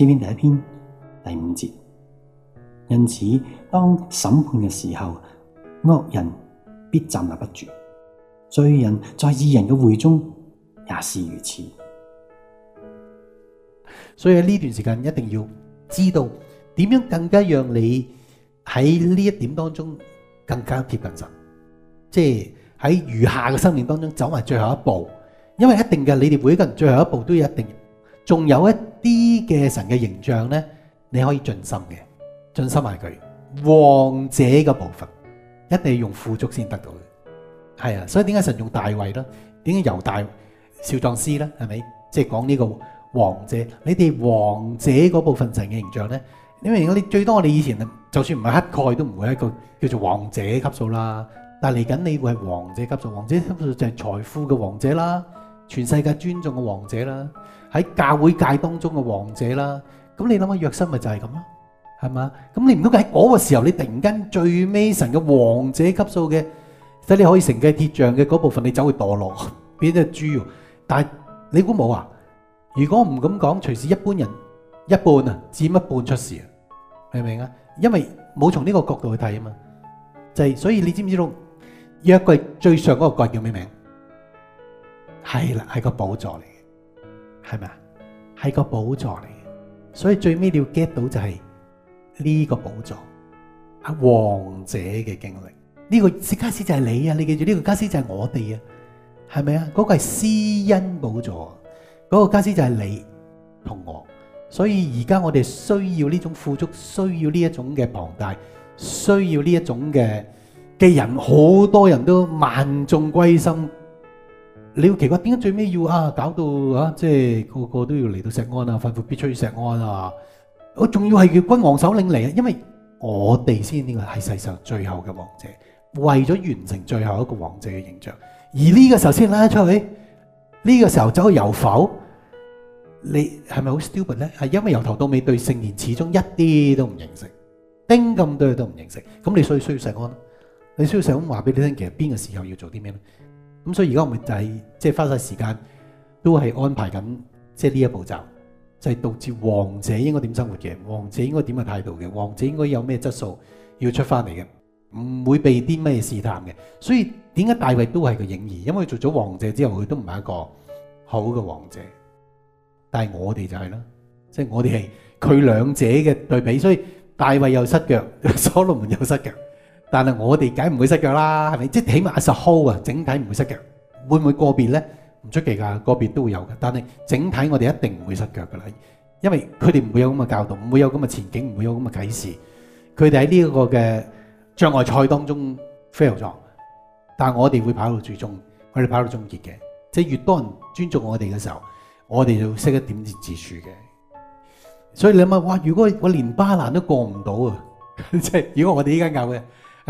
詩篇第一篇第五節，因此當審判嘅時候，惡人必站立不住；罪人，人，在義人嘅會中也是如此。所以喺呢段時間，一定要知道點樣更加讓你喺呢一點當中更加貼近神，即係喺餘下嘅生命當中走埋最後一步。因為一定嘅，你哋每一個人最後一步都要一定，仲有一。嘅神嘅形象咧，你可以盡心嘅，盡心埋佢王者嘅部分，一定要用富足先得到嘅。係啊，所以點解神用大衛咯？點解由大少壯師咧？係咪即係講呢個王者？你哋王者嗰部分神嘅形象咧？因為如果你最多我哋以前就算唔係乞丐都唔會一個叫做王者級數啦。但係嚟緊你會係王者級數，王者級數就係財富嘅王者啦。全世界尊重嘅王者啦，喺教會界當中嘅王者啦，咁你諗下約瑟咪就係咁咯，係嘛？咁你唔通喺嗰個時候你突然間最尾神嘅王者級數嘅，使你可以承繼鐵匠嘅嗰部分，你走去墮落，變咗豬？但係你估冇啊？如果唔咁講，隨時一般人一半啊，占一半出事，明唔明啊？因為冇從呢個角度去睇啊嘛，就係所以你知唔知道約櫃最上嗰個櫃叫咩名？係啦，係個寶座嚟嘅，係咪啊？係個寶座嚟嘅，所以最尾你要 get 到就係呢個寶座啊，王者嘅經歷。呢個家私就係你啊，你記住呢個家私就係我哋啊，係咪啊？嗰個係施恩寶座，嗰個家私就係你同我。所以而家我哋需要呢種富足，需要呢一種嘅龐大，需要呢一種嘅嘅人，好多人都萬眾歸心。你要奇怪，點解最尾要啊搞到啊？即係個個都要嚟到錫安啊，奮苦必出去錫安啊！我仲要係岳軍王首領嚟啊，因為我哋先呢個係世上最後嘅王者，為咗完成最後一個王者嘅形象。而呢個時候先拉出去，呢個時候走去遊浮，你係咪好 stupid 咧？係因為由頭到尾對聖言始終一啲都唔認識，丁咁多嘢都唔認識，咁你需要需要錫安，你需要錫安話俾你聽，其實邊個時候要做啲咩咧？咁所以而家我咪就係即係花晒時間，都係安排緊即係呢一步驟，就係導致王者應該點生活嘅，王者應該點嘅態度嘅，王者應該有咩質素要出翻嚟嘅，唔會被啲咩試探嘅。所以點解大衛都係個影兒，因為做咗王者之後佢都唔係一個好嘅王者，但係我哋就係啦，即係我哋係佢兩者嘅對比，所以大衛又失腳，所羅門又失腳。但係我哋梗唔會失腳啦，係咪？即係起碼十毫啊，整體唔會失腳。會唔會個別咧？唔出奇㗎，個別都會有嘅。但係整體我哋一定唔會失腳㗎啦，因為佢哋唔會有咁嘅教導，唔會有咁嘅前景，唔會有咁嘅啟示。佢哋喺呢一個嘅障礙賽當中 fail 咗，但我哋會跑到最終，我哋跑到終結嘅。即係越多人尊重我哋嘅時候，我哋就識得點自處嘅。所以你咪話，如果我連巴蘭都過唔到啊，即係如果我哋依家教嘅。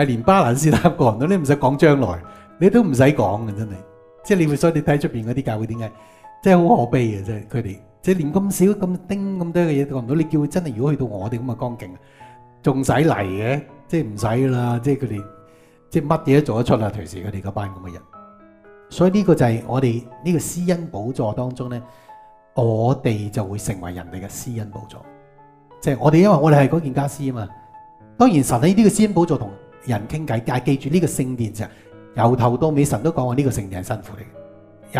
係連巴蘭士塔過唔到，你唔使講將來，你都唔使講嘅，真係。即係你會所以你睇出邊嗰啲教會點解，真係好可悲嘅，真係佢哋。即係連咁少咁丁咁多嘅嘢過唔到，你叫佢真係如果去到我哋咁嘅光景，仲使嚟嘅？即係唔使啦，即係佢哋，即係乜嘢都做得出啦。隨時佢哋嗰班咁嘅人，所以呢個就係我哋呢個施恩寶座當中咧，我哋就會成為人哋嘅施恩寶座。即係我哋因為我哋係嗰件家私啊嘛，當然神喺呢啲嘅施恩寶座同。人傾偈，但係記住呢個聖殿就由頭到尾，神都講話呢個聖殿係辛苦嚟嘅，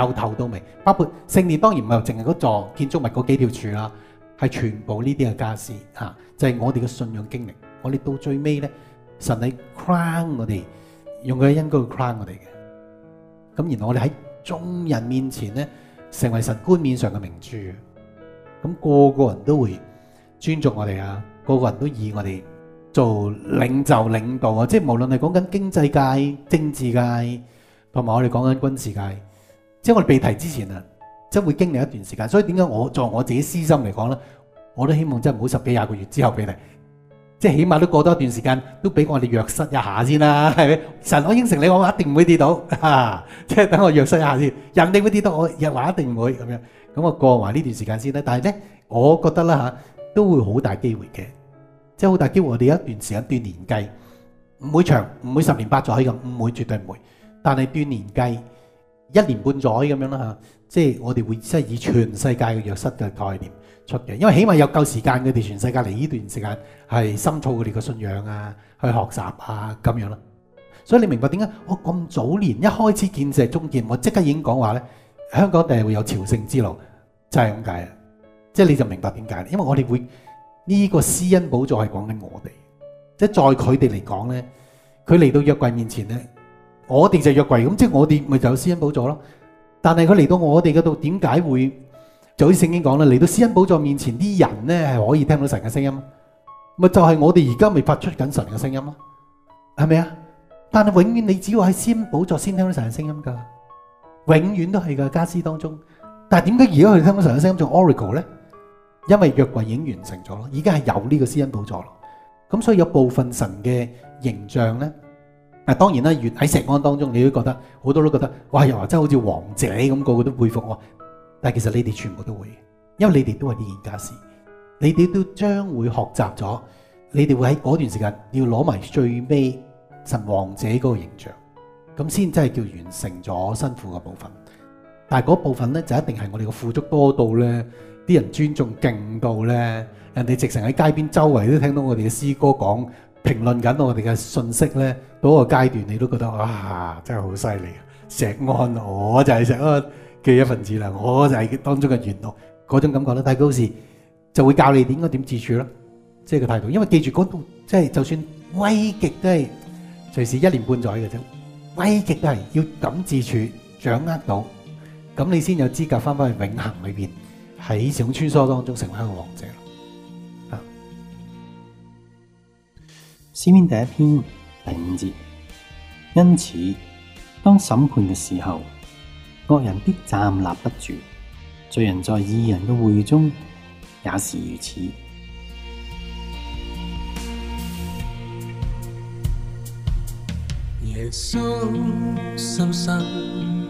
由頭到尾，包括聖殿當然唔係淨係嗰座建築物嗰幾條柱啦，係全部呢啲嘅傢俬嚇，就係我哋嘅信仰經歷。我哋到最尾咧，神係 crown 我哋，用佢嘅恩膏 crown 我哋嘅。咁然後我哋喺眾人面前咧，成為神冠冕上嘅明珠。咁個個人都會尊重我哋啊，個個人都以我哋。做領袖、領導啊，即係無論係講緊經濟界、政治界，同埋我哋講緊軍事界，即係我哋被提之前啊，即係會經歷一段時間。所以點解我作我自己私心嚟講咧，我都希望真係唔好十幾廿個月之後俾你，即係起碼都過多一段時間，都俾我哋弱身一下先啦、啊，係咪？神，我應承你，我一定唔會跌到，即係等我弱身一下先。人哋會跌到，我話一定唔會咁樣。咁我過埋呢段時間先啦、啊。但係咧，我覺得啦、啊、嚇，都會好大機會嘅。即係好大機會，我哋一段時間斷年計，唔會長，唔會十年八載咁，唔會，絕對唔會。但係斷年計一年半載咁樣啦嚇，即係我哋會即係以全世界嘅藥室嘅概念出嘅，因為起碼有夠時間，佢哋全世界嚟呢段時間係深造佢哋嘅信仰啊，去學習啊咁樣啦。所以你明白點解我咁早年一開始建設中建，我即刻已經講話咧，香港一定係會有朝聖之路，就係咁解啊！即係你就明白點解，因為我哋會。呢個施恩寶座係講緊我哋，即係在佢哋嚟講咧，佢嚟到約櫃面前咧，我哋就約櫃，咁即係我哋咪就有施恩寶座咯。但係佢嚟到我哋嗰度，點解會就好似聖經講啦？嚟到施恩寶座面前啲人咧係可以聽到神嘅聲音，咪就係、是、我哋而家未發出緊神嘅聲音咯，係咪啊？但係永遠你只要喺施恩寶座先聽到神嘅聲音噶，永遠都係噶家私當中。但係點解而家佢聽到神嘅聲音仲 Oracle 咧？因為約櫃已經完成咗，已經係有呢個施恩寶座咯。咁所以有部分神嘅形象呢，嗱，當然啦，越喺石安當中，你都覺得好多都覺得哇，又話真係好似王者咁，個個都佩服我。但係其實你哋全部都會，因為你哋都係呢件家事，你哋都將會學習咗，你哋會喺嗰段時間要攞埋最尾神王者嗰個形象，咁先真係叫完成咗辛苦嘅部分。但係嗰部分咧，就一定係我哋嘅富足多到咧，啲人尊重勁到咧，人哋直情喺街邊周圍都聽到我哋嘅詩歌講評論緊我哋嘅信息咧，到嗰個階段你都覺得哇，真係好犀利啊！石安，我石安，我就係石安嘅一份子量，我就係當中嘅元老。」咯。嗰種感覺咧，但高嗰就會教你點樣點自處咯，即係個態度。因為記住嗰度即係，就算威極都係隨時一年半載嘅啫，威極都係要噉自處，掌握到。咁你先有資格翻返去永恆裏邊喺上穿梭當中成為一個王者啦！啊，詩篇第一篇第五節，因此當審判嘅時候，惡人必站立不住，罪人在義人嘅會中也是如此。耶穌深深。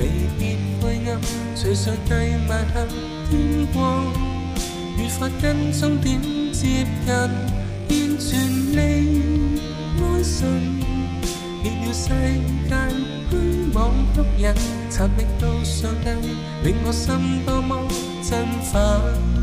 離別灰暗，隨上帝邁向天光，越發跟終點接近，完全你愛神，別了世界虛妄吸引，尋覓到上帝，令我心多麼震撼。